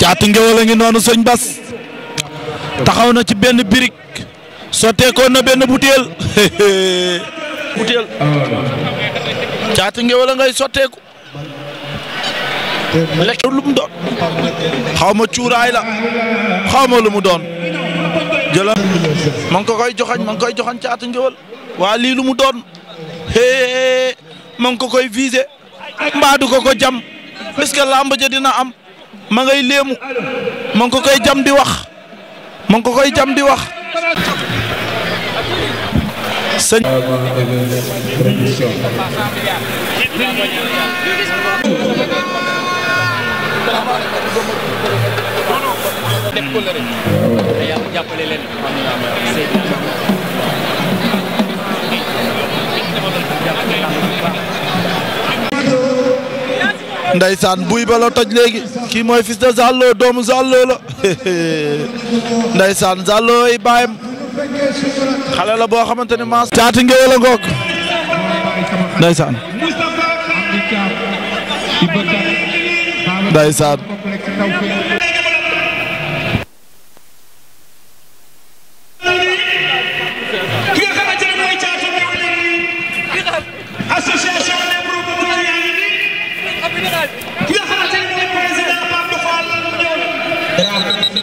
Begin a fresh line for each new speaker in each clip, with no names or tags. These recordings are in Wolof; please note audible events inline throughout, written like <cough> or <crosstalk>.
caatu ngéwél a ngi noonu taxaw na ci benn birig sotteekoon na benn butéel <laughs> butéel caatu ngéwél a ngay sotteeku lekk lu mu doon xaw ma cuuraay la xaw ma lu mu doon jëla ko koy joxañ ma ngi koy joxañ caatu ngéwél waa lii lumu mu doon ma ngi ko koy visé mbaa ko ko jam puisque làmb ja dina am ma ngay léemu ma koy jam di wax ma ko koy jam di wax sëñ ko ndaysaan buy ba la toj léegi kii mooy fils de Zallo doomu Zallo la <laughs> ndaysaan Zallo ay baayam xale la boo xamante ne maas. caati ngéwél a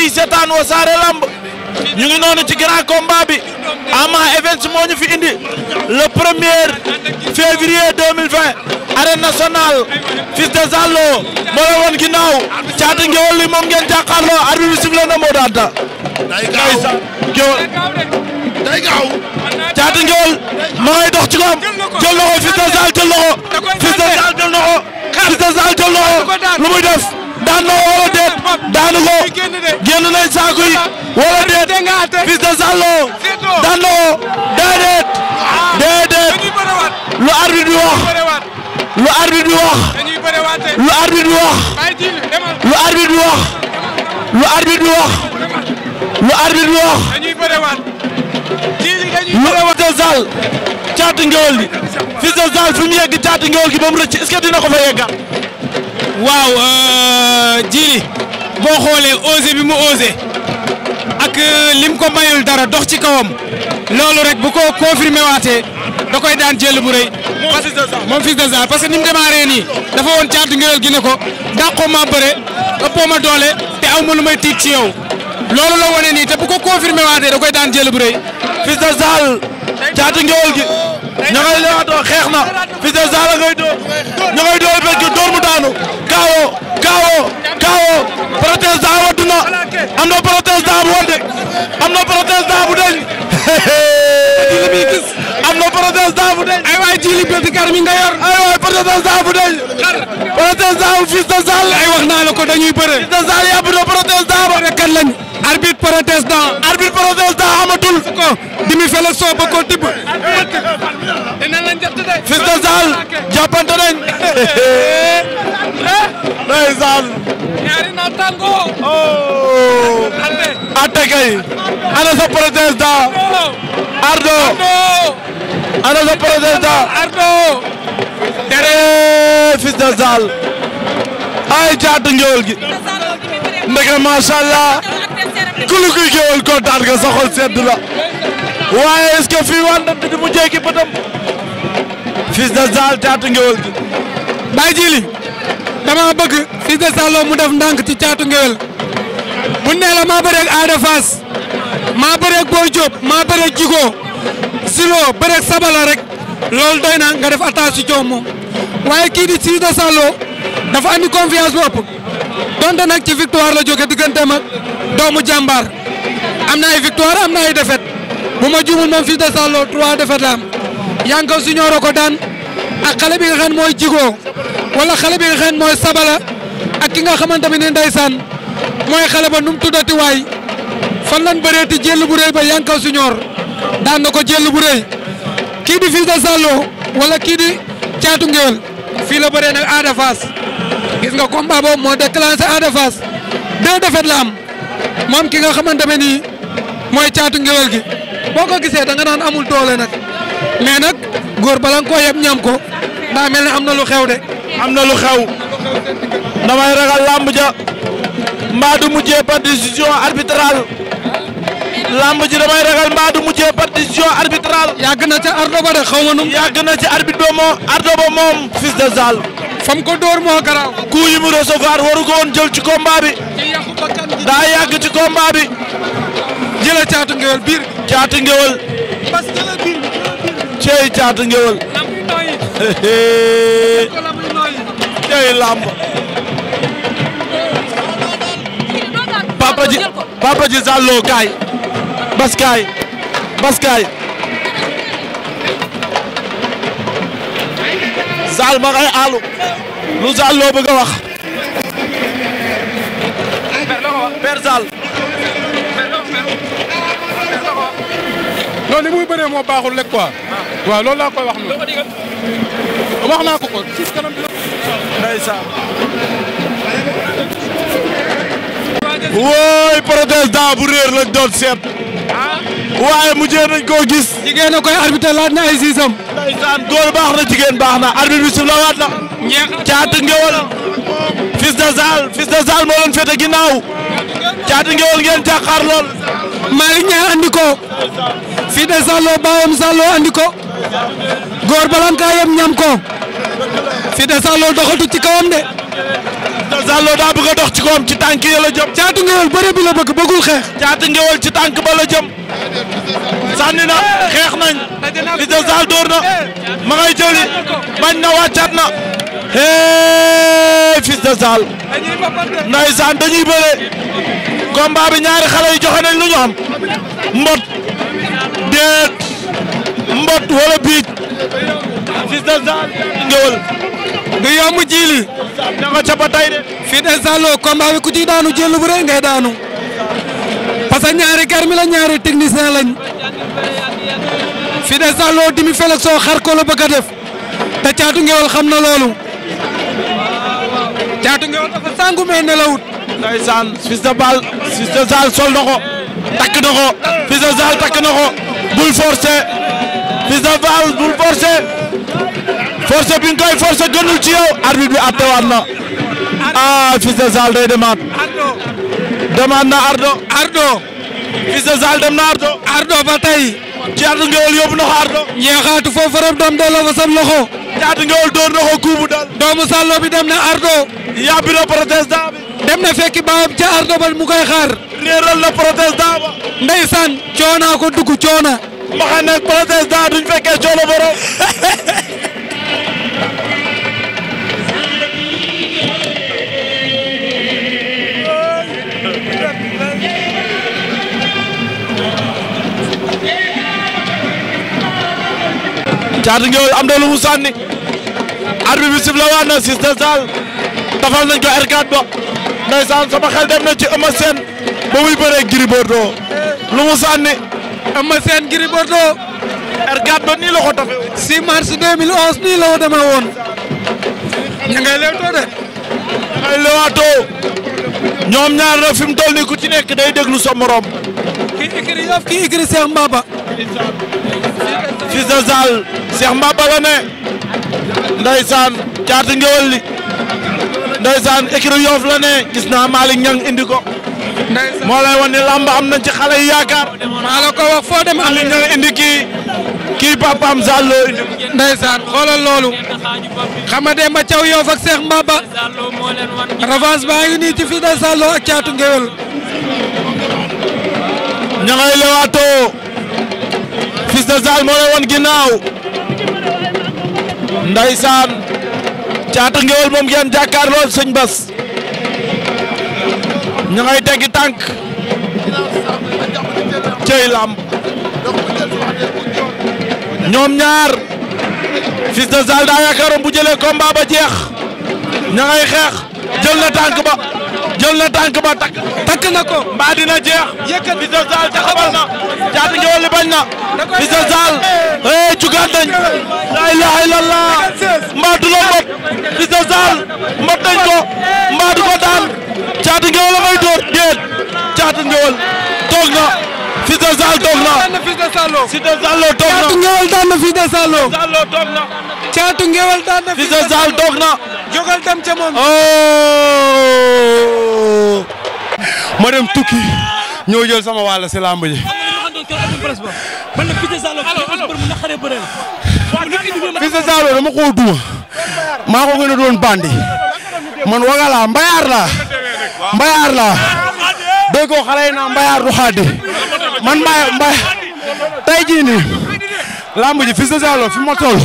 yi seetaan Wassare Lamb ñu ngi noonu ci grand combat bi Ama Events moo ñu fi indi le premier février 2020 nationale fils de Zallo moo la woon ginnaaw caata ngewal li moom ngeen jàkkaarloo arbitre bi sifflé na moo daal da day gaaw gewal day gaaw caata ma ngay dox ci koom jël na ko fils de Zallo jël na ko fils de Zallo jël na ko lu muy def daan na wala daanu ko génn nañ saako yi wala déet Fils de Zalo daan na ko déedéet ah. déedéet
lu arbitre bi wax
lu arbitre bi wax lu arbitre bi wax lu arbitre bi wax lu arbitre bi wax lu arbitre bi wax lu Fils de Zal caatu ngewel bi Fils de Zal fi mu yegg caatu ngewel gi ba mu rëcc est-ce que dina ko fa yeggal waaw euh, jili boo xoolee osé bi mu osé ak euh, lim ko mayul dara dox ci kawam loolu rek bu ko confirmé waatee da koy daan jël bu rëy. moom fils de Zal moom fils de Zal parce que ni mu démarré nii dafa woon caatu ngéwél gi ne ko dàqoo ma bëre ëppoo ma doole te aw ma lu may tiit ci yow loolu la wane nii te bu ko confirmé waatee da koy daan jël bu rëy. fils de caatu ngéwél gi. ña ngay leewaatoo xeex na Fils de Zal ngay dóor ña ngay dóor parce que dóor mu daanu kaawo kaawo kaawo protestant wattu na am na am na protestant bu deñ am na protestant bu deñ ay waay jili petit kar mi nga ay waay protestant bu deñ protestant Fils de Zal ay wax naa la ko dañuy bëre Fils parenthèse daa ba rek kan lañ oh. njool gi ndeke macha allah ku lu kuy géwal kontaan nga waaye est-ce que fii mu jéggi bëtam. Fils de Zal caatu ngéwal gi. dama bëgg Fils de Zal mu def ndànk ci caatu ngéwal mu ne maa bëreeg Ada Fass maa bëreeg Boy maa bëreeg Djigo Zilo bëreeg Sabala rek loolu doy na nga def attaque ci coow waaye kii di Fils de Zal dafa andi confiance bu donte nag ci victoire la jóge digganteem ak doomu jàmbaar am na ay victoire am na ay défaite bu ma juumul moom fils de Sallo trois défaites la Yankaw Junior a ko daan ak xale bi nga xam mooy Jigo wala xale bi nga xam mooy Sabala ak ki nga xamante ne ndeysaan mooy xale ba nu mu tuddati waay fan lan bëreeti jël bu rëy ba Yankaw Junior daan na ko jël bu rëy kii di fils de Sallo wala kii di caatu fii la bëree nag Ada gis nga combat boobu moo déclenché Ada Fass deux défaites la am moom ki nga xamante ne nii mooy caatu ngewel gi boo ko gisee da nga naan amul doole nag mais nag góor bala nga ko yeb ñam ko daa mel ne am na lu xew de. am na lu xew damay ragal làmb ja mbaa du mujjee par décision arbitrale làmb ji damay ragal mbaa du mujjee par décision arbitrale. yàgg na ca ardo de xaw ma nu. yàgg na ci arbitre ba moom ardo de Zal. fam ko door moo garaaw. coup yi mu jël ci combat bi. daa yàgg ci combat bi. jëla caatu ngewel caatu ngewel. parce caatu ngewel. cey làmb. papa ji papa ji sàlloo Zal ma ngay aalu lu Zal loo bëgg a wax. Père Zal. non muy bëree moo baaxul rek quoi. waaw laa koy wax noonu. wax naa ko ko ci kanam bi la. ndeysaan. wooy protestant doon seet. waaye mujjee nañ gis. jigéen a koy arbitre na ay siisam. góor baax na jigéen baax na arbitre bi sifla waat na. caatu ngewal. Fils de Zal Fils de Zal moo leen féete ginnaaw. caatu ngewal ngeen jàkkaar lool. Malick Niang andi ko. Fils de Zal loo baawam Zal loo andi ko. góor balan ñam ko. Fils de Zal loo doxatu ci kawam de. Zallo daa bëgg a ci ci tànk yi la jëm. Caatu Ngéwél bëgg bëggul xeex. Caatu ci tànk ba la jëm. sànni na xeex nañ. li de Zal door na. ma ngay jëli. bañ na wàccaat na. hee fils de Zal. ndeysaan dañuy bëre. combat bi ñaari xale yi joxe nañ lu ñu am. mbot. déet. mbot wala biit. fils de Zal Ngéwél. du yomb jiili. na nga ca ba tey de. ku ci daanu jël bu ngay daanu. parce que ñaari garmi la ñaari technicien lañ. fii de Saalum dimi felek def. te caatu xam na loolu. caatu dafa sangu mee nelawut. ndeysaan Fils de sol na ko. takk na ko bul forcer Fils de force bi nga koy ci yow arbitre bi attewaat na ah Fils de Zal day demaat demaat na Ardo Ardo Fils de Zal dem na Ardo Ardo ba tey Caatu Ngéwél yóbbu na ko Ardo ñeexaatu foofu rek dam fa sam loxo Caatu Ngéwél door na ko kuubu doomu Sàllo bi dem na Ardo yàbbi na protestant bi dem na fekki baayam ca Ardo ba mu koy xaar réeral na protestant ba ndeysaan coonaa ko dugg coona ma xam ne protestant duñ fekkee coono borom <laughs> Caatu Ngéwél am na lu mu sànni arbitre bi sifflé waat na de Sale dafal nañ ko R4 ba ndeysaan sama xel dem na ci Eumeu Sène ba muy bëree Gris Bordeaux lu mu sànni Eumeu Sène Gris Bordeaux R4 ba nii la tafe 6 nii la ko woon de ña ngay leewaatoo ñoom ñaar na fi mu toll ku ci nekk day déglu sa morom kii Ikri Yoff kii Ikri Cheikh Mbaba Ciss de Sale Cheikh Mbaba la ne ndeysaan caatu ngewel li ndeysaan écurie Yoff la ne gis naa Malick Niang indi ko moo lay wan ne lamb am nañ ci xale yi yaakaar maa la ko wax foo dem Malick Niang indi kii kii papaam Zallo indi ko ndeysaan xoolal loolu xam nga Demba Thiaw Yoff ak Cheikh Mbaba revanche baa ngi nii ci fii de Zallo ak caatu ngewel ña ngay lewaatoo Fils de moo lay wan ginnaaw Ndeysaan Caatu Ngéwél moom ngeen jàkkaarloo sëñ Bas ñu ngay tànk cey lamb ñoom ñaar Fils de Zal daa yaakaaroon bu jëlee combat ba jeex ña xeex jël na tànk ba jël na tànk ba takk na ko mbaa dina jeex yëkkati Fils de Zal taxawal bañ na Fils de Zal eh jugaat nañ la ilaha illallah mbaa du la mot Fils de Zal mot ko mbaa du ko daan may dóor déet Caatu Ngéwél toog na Fils de Zal toog na Fils de Zal toog na Caatu Ngéwél daan na Fils de Zal toog na Caatu Ngéwél daan na Fils de Zal toog na jógal dem ca moom. Oh! ma dem tukki ñoo jël sama wàll si làmb ji. Fils de Zalo dama koo duma maa ko gën doon bandi man waga mbayaar laa mbayaar laa dégg ko xale naa mbayaar du xaadi man mbay mbay tey jii nii ji Fils de Zalo fi ma toll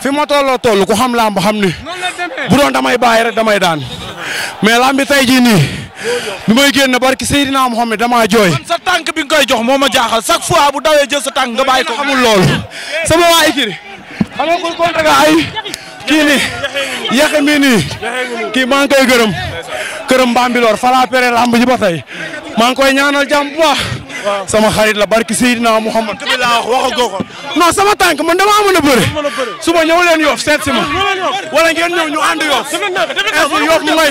fi ma tolloo toll ku xam làmb xam ni bu doon damay bàyyi rek damay daan mais lamb bi tey jii nii bi may génn barki Seydina Mohamed damaa jooy. sa tànk bi nga koy jox moo ma jaaxal chaque fois bu dawee jël sa tànk nga bàyyi ko xamul lool sama waa Ikiri xam nga kon kontaan nga ay kii nii yàq mi nii kii maa ngi koy gërëm kërëm Bambilor falaa pere lamb ji ba tey maa ngi koy ñaanal jàmm bu sama xarit la barki Seydina Mouhamad. dëgg la wax waxagoo ko. non sama tànk man damaa mën a bëre. suba ñëw leen yoof seet si ma. wala ngeen ñëw ñu ànd yoof. dëgg la dëgg la